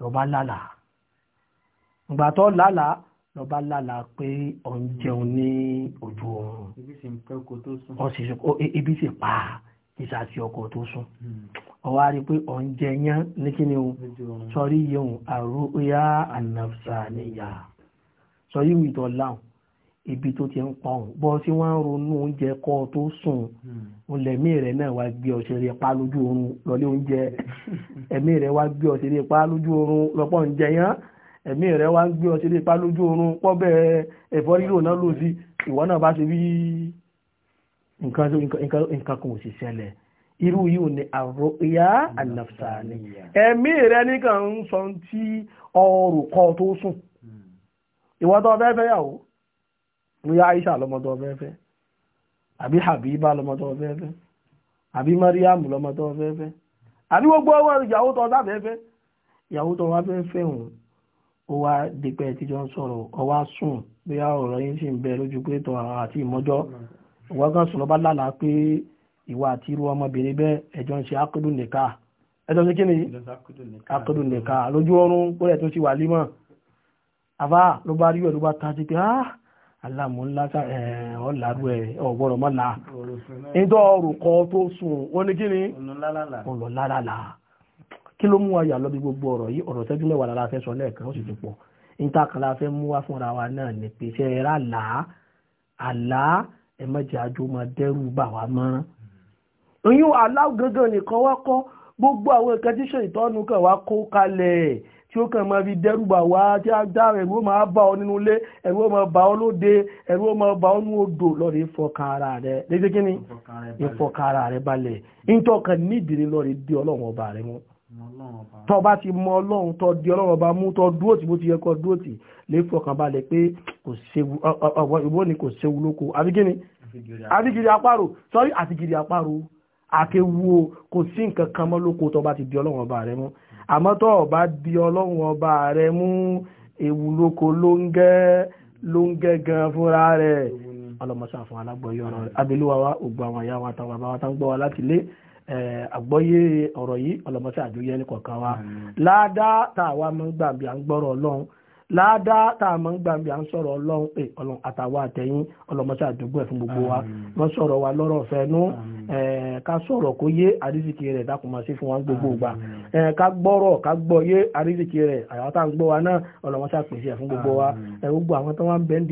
lọ́ba lálà ìgbà tó lálà lọ́ba lálà pé ọ̀ ń jẹun ní ojú oorun ibi sì pa ìsàtì ọkọ̀ tó sùn ọwá hmm. rí pé ọ̀ ń jẹyán ní kí ni o sọrí yẹun àrùn ó yá ànàfsà níyà sọrí ìwìtọ̀ láhùn ibi tó ti ń pa òun bọ́ sí wọ́n ń ronú oúnjẹ kọ́ ọ tó sùn hmm. òun lẹ̀mí rẹ̀ náà wá gbé ọṣẹ rẹ̀ pa lójú oorun lọ́lé oúnjẹ ẹ̀mí rẹ̀ wá gbé ọṣẹ rẹ̀ pa lójú oorun lọ́pọ̀ oúnjẹ yẹn ẹ̀mí rẹ̀ wá gbé ọṣẹ rẹ̀ pa lójú oorun pọ́ bẹ́ẹ̀ ẹ̀fọ́ rírò náà lò sí ìwọ náà bá ṣe bí nǹkan kan ò sì ṣẹlẹ̀ irú yìí ò ní àròyá ànàfsàní ẹ̀mí rẹ̀ nìkan ń sọ ti ọrùn kọ́ tó sùn hmm. ìwọ́n tó fẹ́ fẹ́ yàwó bóyá Aisha lọ́mọdọ́ fẹ́fẹ́ àbí Habiba lọ́mọdọ́ fẹ́fẹ́ àbí Mariam lọ́mọdọ́ fẹ́fẹ́ àbí gbogbo ọwọ́ ìyàwó tọ́ sáfẹ́fẹ́ ìyàwó tọ́ wá fẹ́fẹ́ hùn ó wá dípẹ́ tíjọ ń sọ̀rọ̀ ọwá sùn bóyá ọ̀rọ̀ yín sì ń bẹ lójú pé tọ̀ àti ìmọ́jọ́ ìwọ́n kan sọ̀rọ̀ bá lálàá pé ìwà àti irú ọmọbìnrin bẹ́ẹ̀ ẹjọ́ ń ṣe ákúdù nìka ẹjọ́ sí kíni ákúdù nìka lójú ọrùn ó rẹ̀ tó wà límọ̀ àbá ló bá rí ẹ̀ ló bá ta sí pé ah alámúláta ọ̀làrú ẹ̀ ọ̀gbọ́rọ̀ mọ́lá ìjọ ọrùkọ tó sùn wọ́n ní kíni ọlọ́lálàlà kí ló mú ayà lọ́bí gbogbo ọ̀rọ̀ yìí ọ̀rọ̀ tẹ́jú mẹ́wàá lára fẹ́ sọ lẹ́ẹ̀kan ó sì ti pọ̀ ìtàkàlà fẹ́ mú wá fúnra wa náà ní pé ṣe ra là àlá ẹ̀mẹ́jẹ̀ àjò máa dẹ́rù bà wá mọ́ oyún aláwọ̀ gángan nìkan wá kọ́ gbogbo àwọn ìkẹ́tíṣẹ́ ìtọ́nu kan wá kó kalẹ̀ tí ó kàn máa fi dẹ́rùbà wá tí a dá ẹ̀rù ó máa bá ọ nínú ilé ẹ̀rù ó máa bá ọ lóde ẹ̀rù ó máa bá ọ nínú odò lọ́ọ̀rẹ́ ìfọkàn ara rẹ lédè kí ni ìfọkàn ara rẹ balẹ̀ ìtọ́kàn nídìí ni lọ́ọ̀rẹ́ dé ọlọ́run ọba rẹ mú tọ́ bá ti mọ ọlọ́run tọ́ di ọlọ́run ọba mú tọ́ dúró tí bó ti yẹ kọ́ dúró tì lè fọkàn balẹ̀ pé kò séwu ìwọ ni kò séwu lóko àbíkíni àbíkiri apárò sọ́rí àmọ́ tó o bá di ọlọ́run ọba rẹ mú ewu lóko ló ń gẹ́ ló ń gẹ́ gan fúnra rẹ̀ ọlọ́mọṣà fún alágbọ̀yé ọ̀rọ̀ abẹ́lúwa wa ògbó àwọn ìyá wa táwọn bàbá wa táwọn gbọ́ wa láti lé àgbọ́yé ọ̀rọ̀ yìí ọlọ́mọṣà àjòyẹ ní wa ládàá tá àwa máa ń à ń gbọ́rọ̀ ọlọ́run láàdá taa a máa ń gbàgbé à ń sọ̀rọ̀ ọlọ́run pé eh, ọlọ́run àtàwọn àtẹ̀yìn ọlọ́mọṣẹ́ àdúgbò ẹ̀ fún gbogbo wa wọ́n sọ̀rọ̀ wa lọ́rọ̀ fẹ́nu eh, ká sọ̀rọ̀ kó yé àrísìkì sí fún wa gbogbo ìgbà eh, ká gbọ́rọ̀ ká gbọ́ yé àrísìkì rẹ̀ àwọn tá à ń gbọ́ fún gbogbo gbogbo àwọn tó wá ń ètò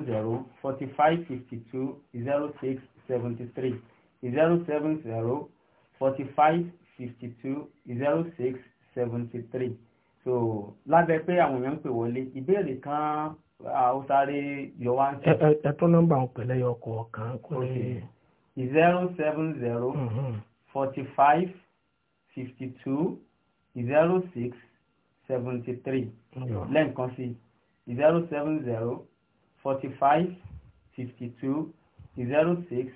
ah, a zero forty five fifty two zero six seventy three zero seven zero forty five fifty two zero six seventy three so lábẹ́ pé àwọn èèyàn ń pè wọlé ìbéèrè kan ó sáré yọ wá ń sọ. ẹ tó nọ́mbà ń pẹlẹ yọ ọkọ kan kó lè. zero seven zero mm-hmm. forty five fifty two zero six seventy three lẹ́ǹkan sí zero seven zero forty five fifty two zero six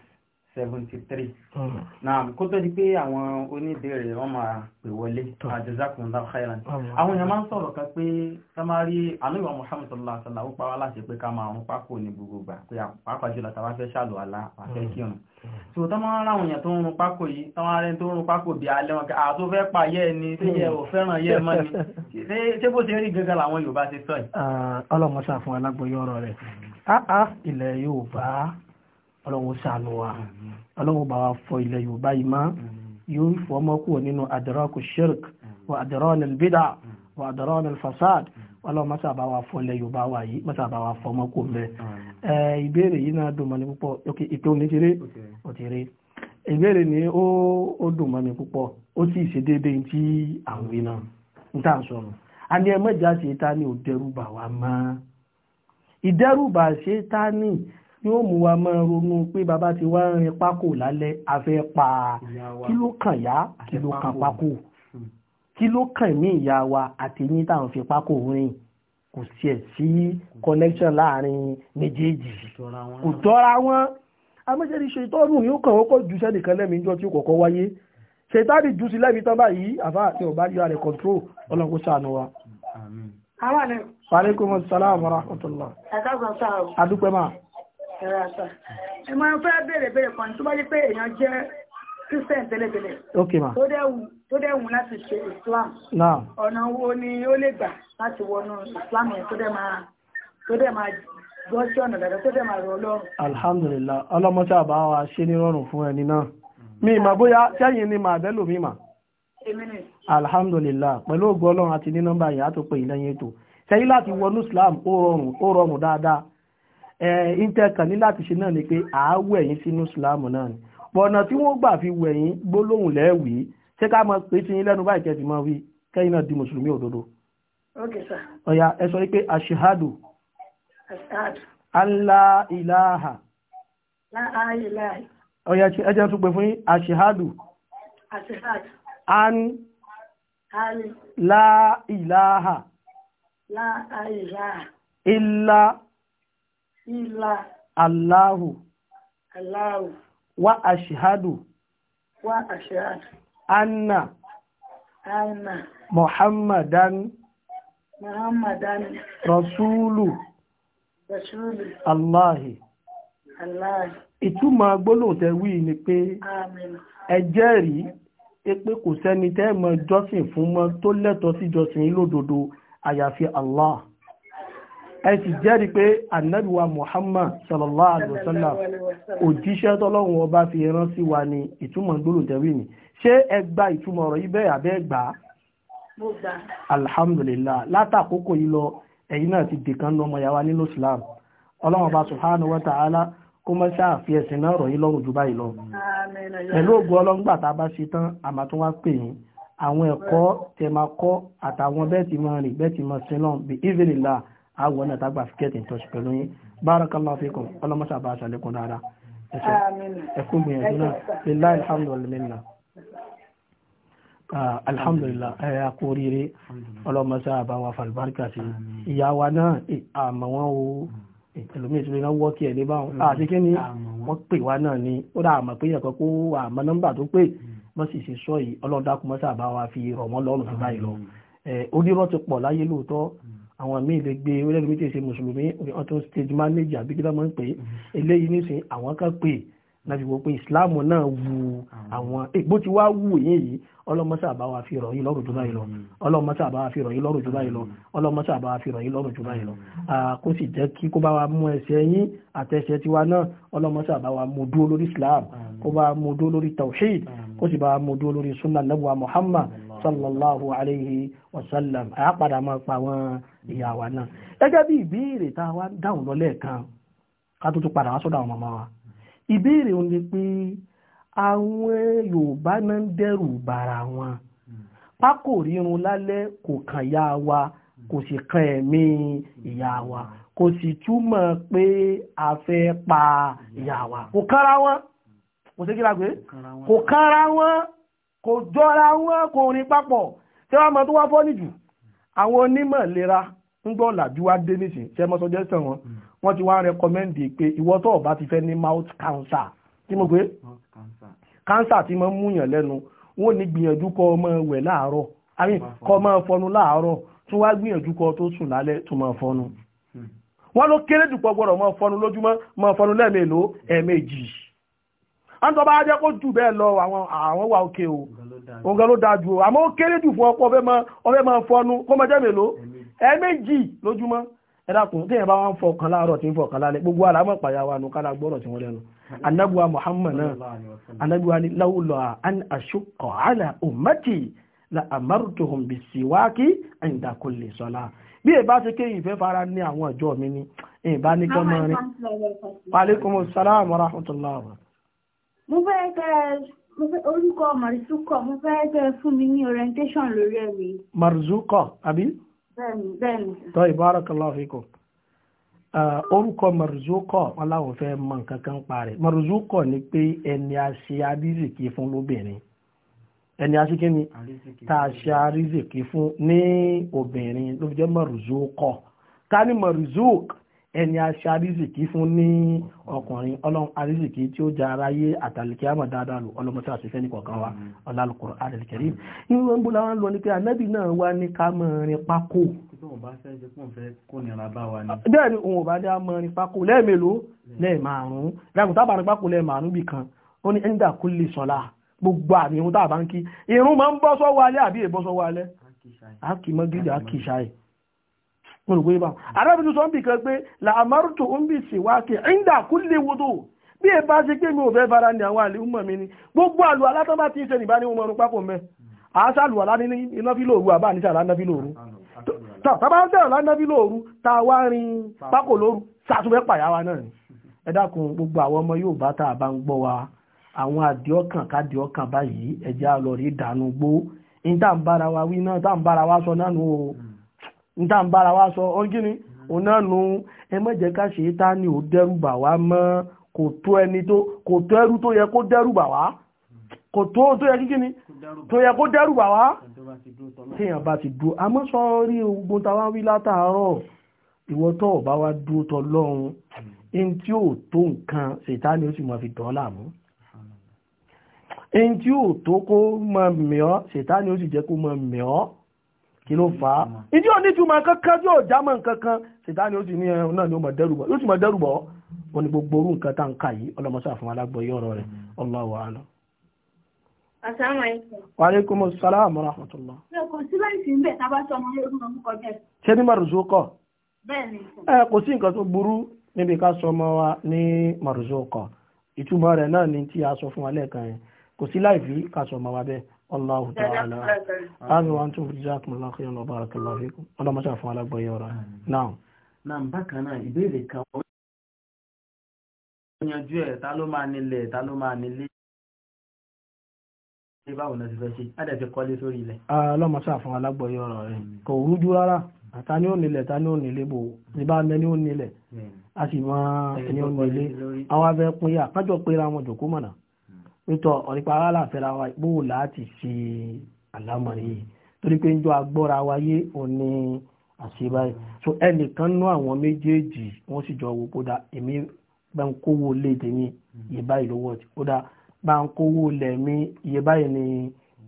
seventy three. Hmm. naam kó tó di pé àwọn oníbèrè wọn máa pè wọlé jazakumullahu khairan. àwọn èèyàn máa ń sọ̀rọ̀ kan pé ká máa rí ànábì muhammed sallallahu alaihi wasallam ó pa wá láṣẹ pé ká máa rún pákó ní gbogbo gbà pé pàápàá jùlọ tá a bá fẹ́ ṣàlùwàlá àfẹ́ hmm. kírun. tó tó máa ń ráwọn èèyàn tó ń rún pákó yìí tó máa ń rẹ́ni tó ń rún pákó bíi alẹ́ wọn àti ó fẹ́ pa yẹ́ ẹ ni yẹ ò fẹ́ràn yẹ́ mọ́ ni ṣé bó ṣe rí ọlọ́run ṣàánú wa ọlọ́run bá wa fọ ilẹ̀ yorùbá yìí má yóò fọ ọmọ kúrò nínú adraku shirk wa adrakul bid'a wa adrakul fasad ọlọ́run mọ́sá bá wa fọ ilẹ̀ yorùbá wa yìí mọ́sá bá wa fọ ọmọ kúrò mẹ́. ìbéèrè yìí náà dùn mọ́ ni púpọ̀ ètò òní ti rí ó ti rí ìbéèrè ni ó dùn mọ́ púpọ̀ ó sì ṣe déédéé tí àwọn iná ń tà sọ̀rọ̀ yóò mú wa máa ronú pé bàbá ti wá rin pákó lálẹ́ afẹ́ pa kí ló kàn yá kí ló kàn pákó hmm. kí ló kàn mí ìyá wa àti yín táwọn fi pákó rìn kò sí ẹ̀ sí connection láàrin méjèèjì kò tọ́ra wọn amẹ́sẹ̀rí ṣètọ́nù yóò kàn wọ́n kọ́ ju sẹ́nìkan lẹ́mìí jọ tí ó kọ̀kọ́ wáyé ṣètọ́nù jù sí lẹ́mìí tán báyìí àfa àti ọ̀bá yóò rẹ̀ control ọlọ́kùn sànù wa. Àwọn àlẹ́. Wa alaikum Ẹ̀ka gbọ́n sáà o. Adúpẹ́ máa. ẹ̀rọ àṣà ẹ máa ń fẹ́ bèèrè bèèrè kan tó bá jẹ́ pé èèyàn jẹ́ christian tẹ́lẹ̀tẹ́lẹ̀ islam ọ̀nà wo ni ó lè gbà láti wọnú islam yẹn tó dẹ̀ máa gbọ́ sí ọ̀nà tó dẹ̀ máa rọ alhamdulillah ṣe ní rọrùn fún ẹni náà mi bóyá sẹ́yìn ni màá bẹ́lò mi mà. alhamdulillah pẹ̀lú ògbọ́ àti ní nọ́mbà yìí á tó pè yín lẹ́yìn ètò sẹ́yìn láti wọnú islam ìtẹ̀kà ní láti ṣe náà ni pé àáwẹ̀ yín sínú ìsìláàmù náà ni pọ̀nà tí wọ́n gbà fi wẹ̀ gbólóhùn lẹ́ẹ̀wì ṣé ká mọ pé tí yín lẹ́nu báyìí kẹ́sì mọ́ wí kẹ́yìn náà di mùsùlùmí òdodo. ọ̀yà ẹ sọ pé aṣèhádù. aṣèhádù. ìlàhà. ọ̀yà ẹ jẹ́ tún pé fún yín aṣèhádù. an. an. ìlàhà. láà Allahu. Allahu. Wa ashhadu. Wa ashhadu. Anna. Anna. Muhammadan. Muhammadan. Rasulu. Rasulu. Allahi. Allahi. Ìtumọ̀ gbólóhùn tẹ wí ni pe. ẹ jẹ́rìí pé kò sẹ́ni tẹ́ mọ to fún mọ́ tó lẹ́tọ̀ọ́ sí jọ́sìn Allah. ẹ sì jẹ́rìí pé ànábìwá Muhammad sallallahu alaihi wasallam òjíṣẹ́ tọ́lọ́run ọba fi rán sí wa ní ìtumọ̀ gbólóǹtẹ̀wé ni ṣé ẹ gba ìtumọ̀ ọ̀rọ̀ yìí bẹ́ẹ̀ àbẹ́ gbà á. mo gbà. alhamdulillah látàkókò yìí lọ ẹ̀yin náà ti dìkan ní ọmọ yàrá nínú Islam ọlọ́run ọba subhanahu wa ta'ala kó mọ́ ṣáà fi ẹ̀sìn náà rọ̀ yín lọ́rùn jù báyìí lọ. pẹ̀lú ògùn ọlọ́ngbà tá a bá ṣe tán àmà tó wá pè yín àwọn ẹ̀kọ́ tẹ̀ máa kọ́ àtàwọn bẹ́ẹ̀ ti máa rìn bẹ́ẹ̀ ti máa sin náà bí ìvìlì àwọn náà tágbà fíkẹ́tì ń tọ́sí pẹ̀lú yín barakallahu fikum ọlọ́mọṣà bá aṣàlékún dáadáa ẹkún gbìyànjú náà lillahi alhamdulillah ah, alhamdulillah ẹ̀yà kú oríire ọlọ́mọṣà bá wà fàlùbáríkà sí ìyá wa náà àmọ́ wọn o hmm. ẹlòmíì tí wọ́n wọ́ kí ẹ̀ níbà wọn àti kí ni wọ́n pè wá náà ni ó dà àmọ́ pé ẹ̀kọ́ kó àmọ́ nọ́mbà tó pè hmm. wọ́n sì ṣe sọ yìí ọlọ́dà kúmọ́sà bá wa fi rọ̀ wọ́n lọ́rùn tó báyìí lọ hmm. onírọ́ ti pọ̀ láyé lóòótọ́ àwọn míì lè gbé orílẹ̀-èdè méjì ṣe mùsùlùmí wọ́n tún stage manager àbí kí ló máa ń pè é mm-hmm. eléyìí nísìnyí àwọn kan pè é láti wọ́n pé ìsìláàmù náà wu mm-hmm. àwọn ègbó eh, tí wá wù yín yìí ọlọ́mọṣà bá wa fi rọ̀ yín lọ́rùn jù báyìí lọ ọlọ́mọṣà bá wa fi rọ̀ yín lọ́rùn jù báyìí lọ ọlọ́mọṣà bá wa fi rọ̀ yín lọ́rùn jù báyìí lọ mm-hmm. ah, kó sì jẹ́ kí kó bá wa mú ẹsẹ̀ yín àtẹ̀sẹ̀ tiwa náà ọlọ́mọṣà bá wa mú dúró lórí islam kó bá wa mú dúró lórí tawhid kó sì bá wa mú dúró lórí sunnah nabuwa muhammad sallallahu alayhi wa sallam a padà máa pa àwọn ìyá wa náà gẹ́gẹ́ bí ìbéèrè tá a wá dáhùn lọ lẹ́ẹ̀kan ká tó tún padà wá sọ́dọ̀ àwọn màmá wa ìbéèrè òun ni pé àwọn Yorùbá náà ń dẹ́rù bara wọn pákó rírun lálẹ́ kò kàn yá wa kò sì kan ẹ̀mí ìyá wa kò sì túmọ̀ pé a fẹ́ pa ìyá wa kò kára wọn kò sí kí la gbé kò kára wọn kò jọra wọn kò rìn papọ̀ tí wọ́n mọ̀ tó wá fọ́ nìjù àwọn onímọ̀ ìlera ń gbọ́ làjú wá dé nísìn ṣe mọ́ suggestion wọn wọ́n ti wá rẹkọmẹ́ndì pé ìwọ tó o ti fẹ́ ní mouth cancer tí mo pé cancer ti mọ́ múyàn lẹ́nu wọ́n ní gbìyànjú kó o máa wẹ̀ láàárọ̀ àmì kó o máa fọnu láàárọ̀ tún wá gbìyànjú kó o tó sùn lálẹ́ tó máa fọnu hmm. wọ́n ló kéré jù pọ̀ gbọ́dọ̀ máa fọnu lójúmọ́ máa fọnu lẹ́ẹ̀mélòó a ń tọ́ bá jẹ́ kó jù bẹ́ẹ̀ lọ àwọn wà òkè o òun gan ló dáa jù o àmọ́ ó kéré jù fún ọkọ ọbẹ̀ máa fọnu kó máa jẹ́ mélòó ẹ̀ẹ́mẹ́jì lójúmọ́ ẹ dákun tí yẹn bá wọn fọ kan láàárọ̀ tí ń fọ kan lálẹ́ gbogbo ara pàyà wa nù kára gbọ́rọ̀ tí wọ́n lẹ́nu anabiwa muhammad náà ni lawla an ashuqqa ala ummati la amartuhum bisiwaki inda kulli salah bí ẹ bá ṣe ké ìfẹ́ fara ní àwọn ọjọ́ mi ni ẹ bá ní kọ́ mọ́ ni. wa wa rahmatullahi wa barakatuh mo fẹ́ kẹ́ mo fẹ́ orúkọ marzuko mo fẹ́ kẹ́ fún mi ní orientation lórí ẹ̀mí. marzuko àbí. bẹ́ẹ̀ni bẹ́ẹ̀ni. tọ́ barakallahu fikum orúkọ marzuko aláwọ̀ fẹ́ mọ nǹkan kan parí marzuko ni pé ẹni a ṣe àrízìkí fún lóbìnrin ẹni a ṣe kí ni tá a ṣe àrízìkí fún ní obìnrin ló fi jẹ́ marzuko ká ní marzuko ẹni aṣa arísìkí fún ní ọkùnrin ọlọ́run arísìkí tí ó já aráyé àtàlìkí àmọ̀ dáadáa lò ọlọ́mọṣẹ́ àṣìṣẹ́ ní kọ̀ọ̀kan wa ọlálùkọ̀ àdìlìkẹ̀rí ìwé ń bó láwọn lọ ní pé ànábì náà wá ní ká mọ̀ rin pákó bẹ́ẹ̀ ni òun ò bá dá mọ̀ rin pákó lẹ́ẹ̀mélòó lẹ́ẹ̀márùn-ún lágùn tábà rin pákó lẹ́ẹ̀márùn-ún bì kan ó ní ẹ́ńdà kú lè sọ̀la gbogbo àmì irun tábà ń kí irun máa ń bọ́ sọ́wọ́ alẹ́ mo rò pé bá arábìnrin sọ ń bì kan pé làmárùtù ń bì sí wá kí ẹ̀ńdà kúlẹ̀ wodò bí ẹ bá ṣe pé mi ò fẹ́ fara ní àwọn àlè ọmọ mi ni gbogbo àlù alátọ́bá ti ń ṣe nìbá ní ọmọ ọrùn pápọ̀ mẹ́ àáṣà àlù alá ní iná fi lóòru àbá ní sàrá náà fi lóòru tàbá ń sẹ̀rọ̀ lánàá fi lóòru ta wá rin pákò lóru sàtúnfẹ́ pàyà wa náà ni ẹ dákun gbogbo àwọn ọmọ yóò bá tá a bá ń gbọ́ wa àwọn àdìọ́kàn kádìọ́kàn báyìí ẹ̀jẹ̀ àlọ́rí ìdánú gbó ní tá à ń bára wa wí náà tá à ń bára wa sọ náà nù níta ń bára wa sọ ọ́gíní òun mm-hmm. náà nu ẹ má jẹ́ ká Ṣẹ̀tánì ò dẹ́rùbà wá mọ́ kò tó ẹni tó kò tó ẹrú tó yẹ kó dẹ́rùbà wá mm-hmm. kò tó tó yẹ kíkíní tó yẹ kó dẹ́rùbà wá téèyàn bá ti dúró àmọ́ sọ rí ogun táwa wí látàárọ̀ ìwọ tó ọba wa dúró tọ lọ́run mm-hmm. ẹni tí ò tó nǹkan Ṣẹ̀tánì ó sì máa fi dán láàmú ẹni tí ò tó kó máa mìọ́ Ṣẹ̀tánì ó sì jẹ́ kó máa mìọ́ kí ló fà á mm. ìdí òní túmọ̀ kankan tí ò jámọ̀ nkankan ṣètá ni ó sì ní ẹ̀rọ náà ni ó mọ̀ dẹ́rùbọ̀ yóò sì mọ̀ dẹ́rùbọ̀ ó ní gbogbo orú nǹkan tá à ń kà yìí ọlọmọṣà fún alágbọ̀yé ọ̀rọ̀ rẹ̀ mm. Allahu a'lam. Assalamu alaikum. Wa alaikumus salam wa rahmatullah. Ṣé kò sí láìsí ń bẹ̀ tábà tí ọmọ yóò rúnà mú kọjá? Ṣé ní Màrùzókọ̀? Bẹ́ẹ̀ni. Ẹ kò sí nǹkan tó burú níbi ká sọ ọmọ wa ní Màrùzókọ̀. Ìtumọ̀ rẹ̀ náà ni tí a sọ fún wa lẹ́ẹ̀kan yẹn. Kò sí láìfí ká sọ ọmọ wa bẹ́ẹ̀. Allahu ta'ala àmì wa ń tún fún jíjákùn lákàáyọ̀ lọ bára kí lọ́rí ọlọ́mọ́sá fún alágbọ̀yẹ̀ ọ̀rọ̀ náà. náà bákan náà ìbéèrè kan ó ta ló máa ta ló máa nílé ṣe náà ti ah, ṣe sórí ọ̀rọ̀ kò rújú rárá ta ni ó ni ó nílé bò a sì máa ẹni ó nílé àwọn abẹ́ pínyà kájọ wọn nítọ́ ọ̀rípa aláàfẹ́ra wa ìpòwò láti ṣe àlámọ̀rí yìí torí pé ń jọ agbọ́ra wáyé òní àṣebáyé so ẹnìkan nú àwọn méjèèjì wọ́n sì jọ wò kódà èmi bá ń kówó lé tèmi iye báyìí lówó ti kódà bá ń kówó lẹ̀ mí iye báyìí ni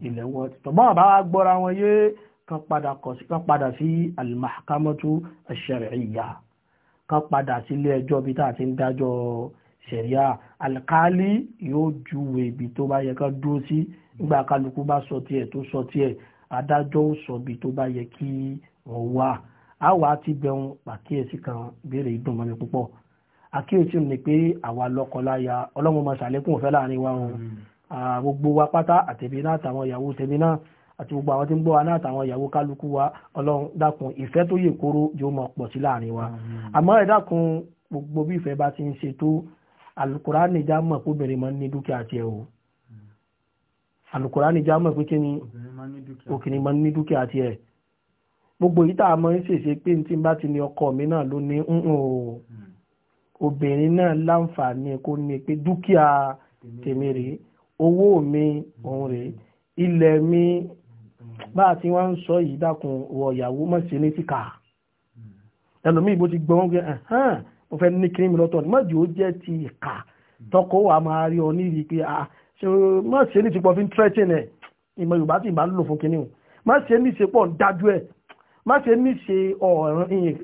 ilẹ̀ wọ́ ti tọ́ báwọn bá wá gbọ́ra wọn yé kan padà kọ̀ sí kan padà sí al-mahkamatu ash kan padà sílé ẹjọ́ bí tá a ti ń dájọ́ ṣẹ̀ríà alkali yóò júwe ibi tó bá yẹ ká dúró sí nígbà kálukú bá sọ tiẹ̀ tó sọ tiẹ̀ adájọ́ ó sọ ibi tó bá yẹ kí wọ́n wà á wàá ti bẹ̀rùn pàkíyèsí kan béèrè ìdùnmọ́ni púpọ̀ àkíyèsí ni pé àwa lọ́kọláya ọlọ́run máa ṣàlékún ọ̀fẹ́ láàrin wa òun gbogbo wa pátá àtẹ̀bí náà àtàwọn ìyàwó tẹ̀bí náà àti gbogbo àwọn tí ń gbọ́ wa náà àtàwọn ìyàwó kálukú wa ọlọ́run dákun ìfẹ́ tó yè kóró yóò máa pọ̀ sí láàrin wa àmọ́ ẹ dákun gbogbo bí ìfẹ́ bá ti ń ṣe tó alukurani já mọ̀ pé obìnrin máa ń ní dúkìá tiẹ̀ o alukurani já mọ̀ pé kí ni òkìní máa ń ní dúkìá tiẹ̀ gbogbo yìí tá a máa ń ṣèṣe pé tí n bá ti ní ọkọ mi náà ló ní hmm. obìnrin náà láǹfààní kó ní pé dúkìá tèmi rèé owó mi òun rèé hmm. ilẹ̀ mi hmm. bá a ti wá ń sọ yìí dákun wọ ìyàwó mọ̀ sí ní tìkà ẹlòmíì bó ti gbọ́n gbé ẹ̀hán mo fẹ́ ní kírímì lọ́tọ̀ ní mọ̀jú ó jẹ́ ti ìka tọkọ wa máa rí ọ níbi pé a ah, ṣe má ṣe ní tipọ́ fi ń tírẹ́tìn ẹ̀ ìmọ̀ Yorùbá sì máa ń lò fún kinní o má ṣe ní ṣe pọ̀ ń dájú ẹ̀ má ṣe ní ṣe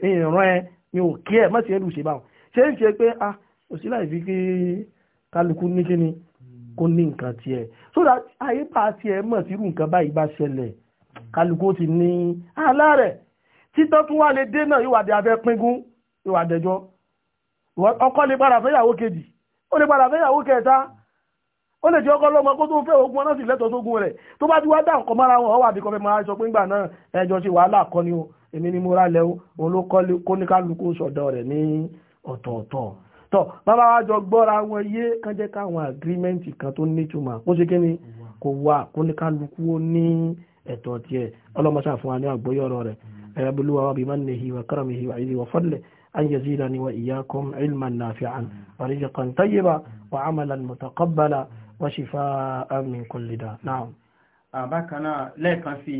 ìran ẹ̀ ni ò kí má ṣe lù ṣe báwọn ṣe ń ṣe pé a ah, kò láì fi kí kálukú ní kíni kó ní nǹkan tiẹ̀ so that ayé bá tiẹ̀ mọ̀ sí irú nǹkan báyìí bá ṣẹlẹ̀ kálukú ti ní aláàrẹ̀ títọ́ tún wà lè dé náà yóò wà dé abẹ́ píngún yóò wà dẹjọ́ ọkọ lè padà fẹ́yàwó kejì ó lè padà fẹ́yàwó kẹta ó lè jẹ́ ọkọ lọ́mọ kó tó fẹ́ ogun ọ̀nà sì lẹ́tọ̀ọ́ sógun rẹ̀ tó bá ti wá dá ọkọ̀ mára wọn ọwọ́ àbíkọ́ fẹ́ máa sọ pé ńgbà náà ẹjọ́ ṣe wàhálà kọ́ ni o èmi ni mo rà lẹ́ o òun ló kọ́ ní kálukú sọ̀dọ̀ rẹ̀ ní ọ̀tọ̀ọ̀tọ̀ tọ́ bàbá wa jọ gbọ́ra wọn yé kán jẹ́ káwọn agirímẹ́ǹtì kan tó nítumọ̀ kó ṣe kí ni kò wà kó ní kálukú ó ní ẹ̀tọ́ tiẹ̀ ọlọ́mọṣà fún wa ní àgbóyọ̀rọ̀ rẹ̀ ẹ̀yà أن يزيدني وإياكم علما نافعا ورزقا طيبا وعملا متقبلا وشفاء من كل داء نعم bákan náà lẹ́ẹ̀kan sí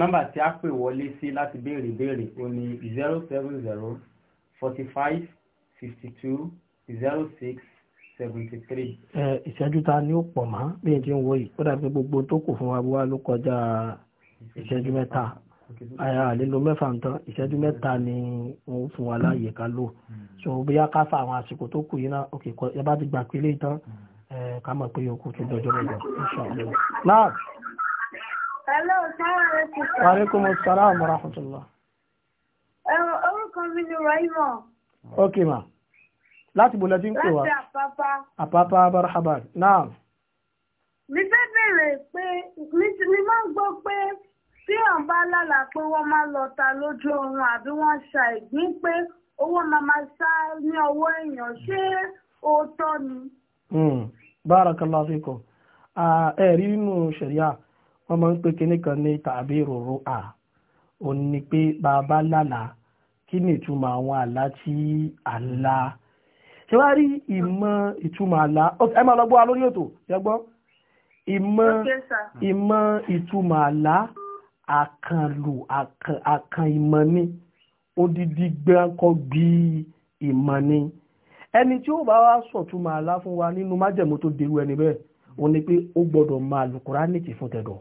nọ́mbà tí a pè wọlé sí láti béèrè béèrè o ní zero seven zero forty five fifty two zero six seventy three. ìṣẹ́jú ta ni ó pọ̀ mọ́ bí n ti ń wọ yìí ó dàbí gbogbo tó kù fún wa bí wàá ló kọjá ìṣẹ́jú mẹ́ta àlelo mẹ́fà ń tán ìṣẹ́jú mẹ́ta ni wọ́n fún wa láàyè ká lò hmm. so bóyá ká fa àwọn àsìkò tó kù yìí náà òkè kọ ẹ bá ti gbà pé léyìí tán hmm. ká mọ̀ pé yòókù tó dọjọ́ lọ́jọ́ inshallah. náà. hello sáwọn rẹ ti salaam wa rahmatulah. orúkọ mi ni raimo. ok ma láti bò lẹ́tí pè wá. láti àpápá. àpápá barahaba náà. mi fẹ́ bẹ̀rẹ̀ pé mi máa ń gbọ́ pé tí wọn bá lálàá pé wọn máa lọ ta lójú oorun àbí wọn ṣa ìgbín pé owó màmá sá ní ọwọ́ èèyàn ṣé òótọ́ ni. Hmm. bárakàlá fíkọ ẹ rí nínú ṣẹ̀ríà wọn máa ń pe kinní kan ní tàbí rorò à ò ní pé bàbá lálàá kí ni ìtumọ̀ àwọn àlá tí àlá ṣe wá rí ìmọ̀ ìtumọ̀ àlá ẹ máa lọ gbọ́ wa lórí ètò ìmọ̀ ìtumọ̀ àlá. àkànlò àkàn ìmọ̀ ni odidi gbẹ́ńkọ́ bí ìmọ̀ ni ẹni tí ó bá wá sọ̀túnmọ̀ àlá fún wa nínú májẹ̀mú tó derú ẹni bẹ́ẹ̀ wọ́n ni pé ó gbọ́dọ̀ máa lùkùránì tì fún tẹ̀dọ̀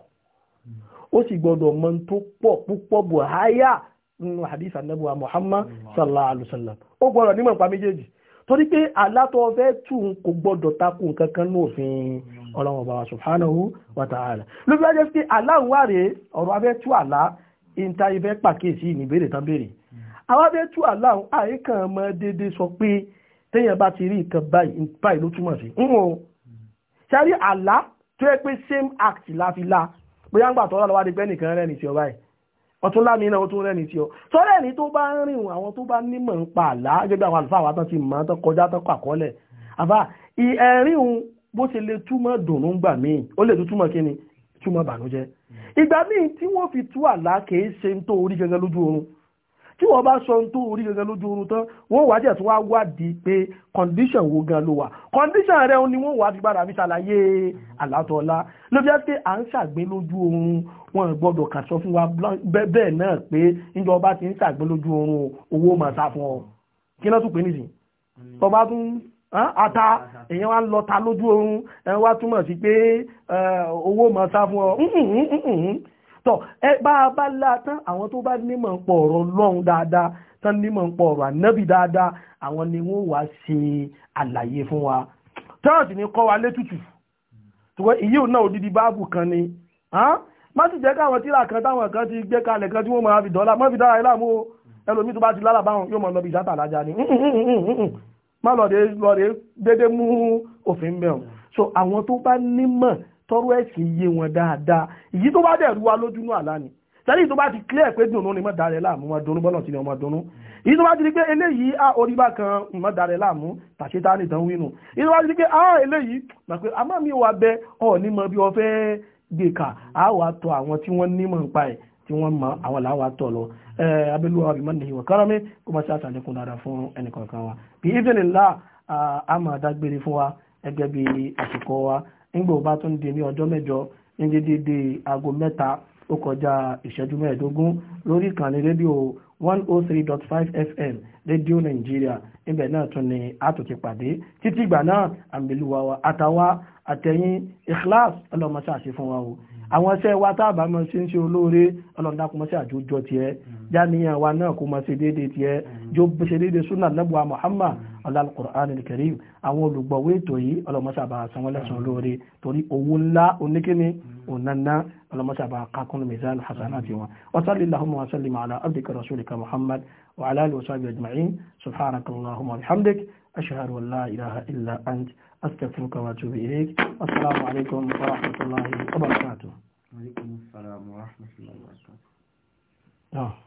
ó sì gbọ́dọ̀ mọ tó pọ̀ púpọ̀ bò háyà nínú muhammad alayhi wa sallam ó gbọ́dọ̀ nímọ̀ nípa méjèèjì torí pé alátọ̀ fẹ́ tún kankan ní òfin ọlọ́run ọba wa subhanahu wa ta'ala ló fi wá jẹ́ pé aláhùn wà rèé ọ̀rọ̀ abẹ́ tú àlá ìta ibẹ̀ pàkíyèsí ìníbèrè tán béèrè àwọn abẹ́ tú aláhùn àìkàn ọmọ déédéé sọ pé téèyàn bá ti rí nǹkan báyìí ló túmọ̀ sí ń o ṣáàrí àlá tó yẹ pé same act la fi la bóyá ń gbà tọ́lá lọ́wọ́ adigbẹ́ nìkan rẹ̀ ní ti ọba yìí ọtún lámì náà ó tún rẹ̀ ní ti ọ sọ́rẹ́ ní tó bá ń rìn àwọn tó bá nímọ̀ ń pa àlá gẹ́gẹ́ àwọn àlùfáà wa tán ti mọ̀ tán kọjá tán kọ àbá ẹ̀rín bó ṣe lè túmọ̀ dùnú gbà míì ó lè tún túmọ̀ kíni túmọ̀ bànújẹ́ ìgbà míì tí wọ́n fi tú àlá kìí ṣe ń tó orí gangan lójú oorun tí wọ́n bá sọ ń tó orí gangan lójú oorun tán wọ́n wá jẹ̀ tí wọ́n á wádìí pé condition wo gan ló wà condition rẹ̀ ni wọ́n wá fi padà fi ṣàlàyé àlátọ́lá ló fi jẹ́ pé à ń ṣàgbé lójú oorun wọn gbọ́dọ̀ kà sọ fún wa bẹ́ẹ̀ náà pé ìjọba ti ń ṣàgbé lójú oorun owó màá sá fún ọ kí náà tún pè nísìn tọba tún ata èèyàn wá lọ ta lójú oorun ẹ wá túmọ̀ sí pé owó máa sá fún ọ tọ ẹ bá a bá la tán àwọn tó bá nímọ̀ ń pọ̀ ọ̀rọ̀ lọ́hùn dáadáa tán nímọ̀ ń pọ̀ ọ̀rọ̀ ànábì dáadáa àwọn ni wọ́n wá ṣe àlàyé fún wa tọ́ọ̀sì ni kọ́ wa létùtù ṣùgbọ́n èyí ò náà odidi báàbù kan ni má sì jẹ́ káwọn tíra kan táwọn kan ti gbé kalẹ̀ kan tí wọ́n máa fi dọ́là má fi dára iláàmú ẹlòmíì tó bá ti lálàbáwọn yóò mọ̀ lọ bí ìjátà lájà ni má lọ́ọ̀dẹ́ lọ́ọ̀dẹ́ dédé mú òfin bẹ̀ ọ́ so àwọn tó bá nímọ̀ tọrọ ẹ̀sìn yé wọn dáadáa èyí tó bá dẹ̀ rú wa lójúnú àlá ni sẹ́yìn tó bá ti clear pé dùnú ni mọ̀ darẹ̀ láàmú mọ̀ dùnú bọ́lọ̀ tí ni ọmọ dùnú èyí tó bá ti di pé eléyìí á ah, orí bá kan mọ̀ darẹ̀ láàmú tàṣetá nìtàn wínú èyí tó bá ti di pé á ah, eléyìí mà pé àmọ́ mi wà bẹ ọ ní bí ọ fẹ́ gbèkà á wà tọ àwọn tí wọ́n nímọ̀ nípa ẹ̀ tí wọ́n mọ àwọn làwọn àtọ̀ lọ abẹ́lúwa bí mọ́ni ìwọ̀ kárọ́mí kó máa ṣe àtàlẹ́kùn dáadáa fún ẹnìkọ̀ọ̀kan wa bí ìfẹ́lélá a máa dágbére fún wa gẹ́gẹ́ bí àsìkò wa nígbà ó bá tún di ní ọjọ́ mẹ́jọ ní dédé aago mẹ́ta ó kọjá ìṣẹ́jú mẹ́ẹ̀ẹ́dógún lórí ìkànnì rédíò one oh three dot five fm rédíò nàìjíríà níbẹ̀ náà tún ni a tún pàdé títí ìgbà náà àmì wa àtàwa àtẹ̀yìn ikhlas ọlọ́mọṣáṣe fún wa àwọn iṣẹ́ wa tá a bá mọ ṣe ń ṣe olóore ọlọ́run dákun mọ́ sí àjọjọ tiẹ̀ jáníyàn mm. wa náà kò mọ ṣe déédéé tiẹ̀ mm. jó ṣe déédéé sunnah nabuwa muhammad mm. ọlọ́run qur'an al àwọn olùgbọ̀wé ètò yìí ọlọ́mọṣàbà sanwó lẹ́sàn olóore torí owó ńlá oníkíní ònànà ọlọ́mọṣàbà kakún mizan hasanati wọn wasalilahumma wasalim ala abdika rasulika muhammad wa ala alihi wa sahbihi ajma'in subhanakallahumma wa la ilaha illa ant أستغفرك وأتوب إليك السلام عليكم ورحمة الله وبركاته وعليكم السلام ورحمة الله وبركاته